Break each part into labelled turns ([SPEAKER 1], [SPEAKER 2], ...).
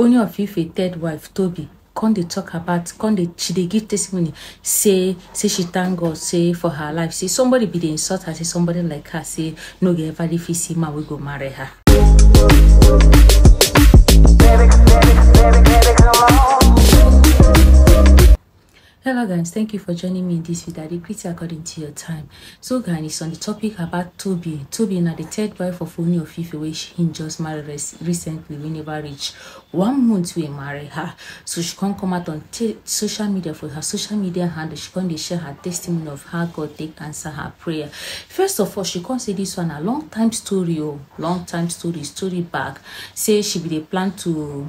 [SPEAKER 1] only of ife third wife toby come dey talk about come dey she dey give testimony say say she thank god say for her life say somebody be dey insult her say somebody like her say no go ever fit see man wey go marry her. Baby, baby, baby, baby, come on hello guys thank you for joining me in this video i greet you according to your time so guys it's on the topic about tobi tobi now the third wife of ooni of ife wey she just marry recently wey never reach one month we marry her so she can't come out on social media for her social media handle she can't share her testimony of how god did answer her prayer first of all she can't say this one a long time story Oh, long time story story back say she be the plan to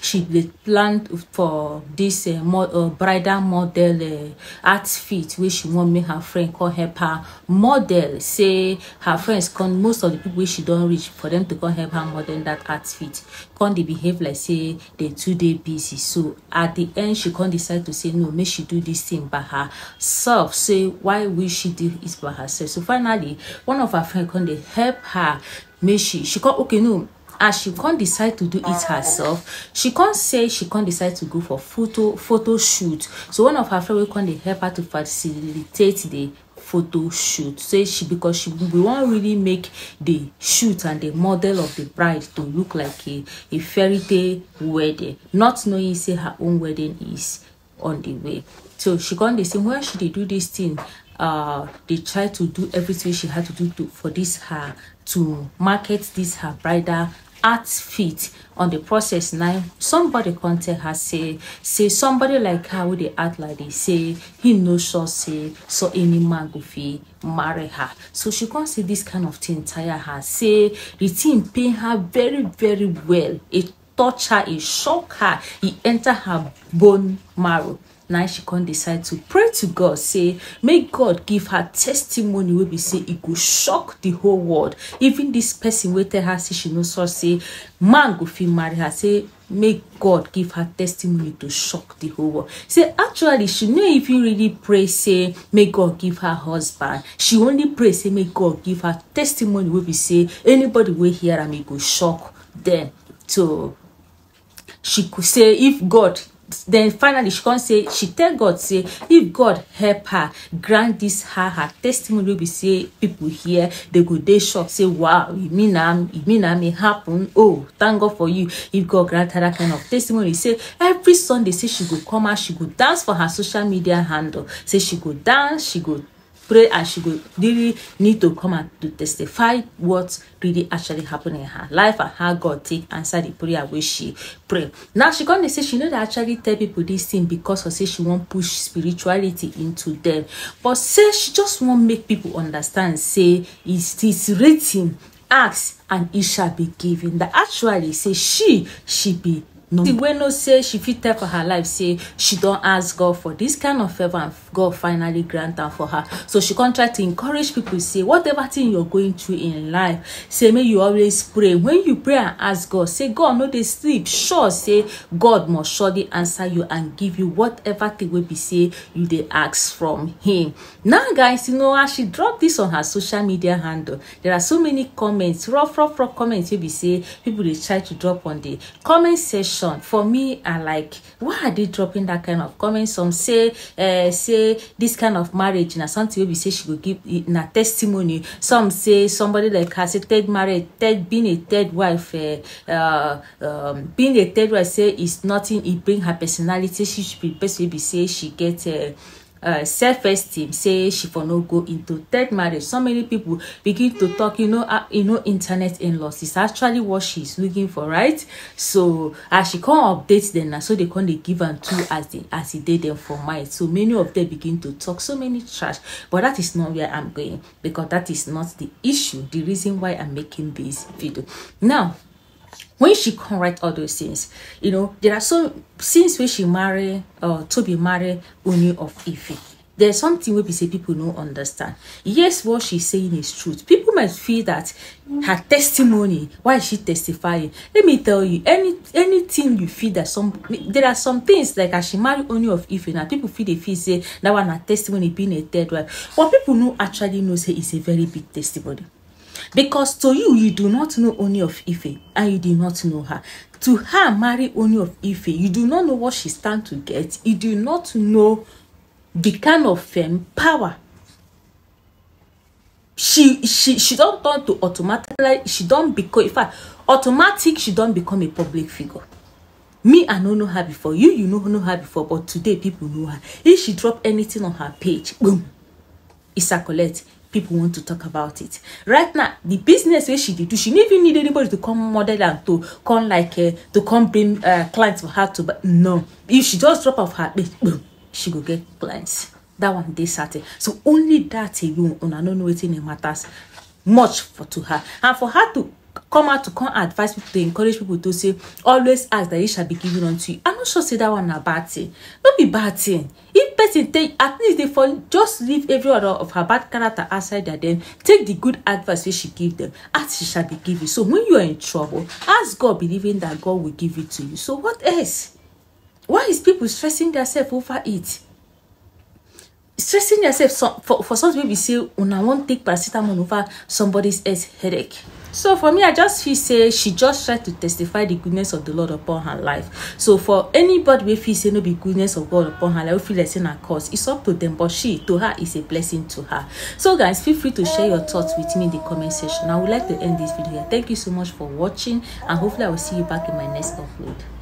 [SPEAKER 1] she dey plan for this dis uh, uh, bridal model art uh, fit wey she wan make her friend come help her model say her friends come most of the people wey she don reach for them to come help her model that outfit fit come dey behave like say dem too dey busy so at the end she come decide to say no make she do this thing by herself say why will she do it by herself so finally one of her friend come dey help her make she she come okay no as she can't decide to do it oh. herself she can't say she can't decide to go for photo photo shoot so one of her friend wey come dey help her to facilitate the photo shoot say she because she we wan really make the shoot and the model of the bride to look like a a fairy tale wedding not knowing say her own wedding is on the way so she come dey say when she dey do this thing uh, they try to do everything she had to do to, for this her to market this her bridal act fit on the process now somebody contact her say say somebody like her with the art like they say he no sure say so any man go fit marry her so she can't see this kind of thing tire her say the team pay her very very well it touch her he e shock her He enter her bone marrow Now she come decide to pray to god say may god give her testimony wey be say it e go shock the whole world even this person waited her say she no sure say man go feel marry her say may god give her testimony to shock the whole world say actually she if you really pray say may god give her husband she only pray say may god give her testimony wey be say anybody wey hear am e go shock them to she could say if god then finally she come say she tell god say if god help her grant this her her testimony be say people hear they go dey shocked say wow e mean am e mean am e happen oh thank god for you if god grant her that kind of testimony say every sunday say she go come out she go dance for her social media handle say she go dance she go pray and she go really need to come and to testify what really actually happen in her life and how god take answer the prayer wey she pray now she come dey say she no dey actually tell people this thing because of say she wan push spirituality into them but say she just wan make people understand say it's it's written ask and it shall be given that actually say she she be no the way no say she fit tell for her life say she don ask god for this kind of favour and god finally grant am for her so she con try to encourage people. say whatever thing you're going through in life say make you always pray when you pray and ask god say god no dey sleep sure say god must surely answer you and give you whatever thing wey be say you dey ask from him now guys you know as she drop this on her social media handle there are so many comments rough rough rough comments wey be say people dey try to drop on the comment section reaction for me I like why are they dropping that kind of comment some say uh, say this kind of marriage na something wey be say she go give na testimony some say somebody like her say third marriage third being a third wife uh, uh, um, being a third wife say is nothing e bring her personality she be person wey be say she get uh, Uh, self-esteem say she for no go into third marriage so many people begin to talk you know uh, you know internet in is actually what she's looking for right so as she come update them na so they come dey give am two as the as the dey them for mind so many of them begin to talk so many trash but that is not where i'm going because that is not the issue the reason why i'm making this video now when she can write all those things you know there are some since where she marry uh, be married only of ife there's something wey be say people don't understand yes what she's saying is truth people might feel that her testimony why is she testifying let me tell you any anything you feel that some there are some things like as she marry only of ife na people feel they feel say that one na testimony being a dead wife What people know actually know say is a very big testimony because to you you do not know Ooni of Ife and you do not know her to her marry Ooni of Ife you do not know what she stand to get you do not know the kind of um, power she she she don turn to automatically she don become in fact automatic she don become a public figure me i no know her before you you no know her before but today people know her if she drop anything on her page boom isa collect people want to talk about it right now the business wey she dey do she no even need anybody to come model am to come like uh, to come bring uh, clients for her to buy no if she just drop off her page boom she go get clients that one dey certain so only that alone una no know wetin dey matters much for to her and for her to come out to come advise people to encourage people to say always ask that it shall be given unto you i no sure say that one na bad thing no be bad thing person take at least dey for just leave every other of her bad character aside. their den take the good advice wey she give them as she shall be give so when you are in trouble ask god believing that god will give it to you so what else why is people stressing themselves over it stressing themselves for for some wey be say una wan take paracetamol over somebody's else headache So for me, I just feel say she just tried to testify the goodness of the Lord upon her life. So for anybody we feel say no be goodness of God upon her life, we feel like saying her cause. It's up to them, but she to her is a blessing to her. So guys, feel free to share your thoughts with me in the comment section. I would like to end this video here. Thank you so much for watching and hopefully I will see you back in my next upload.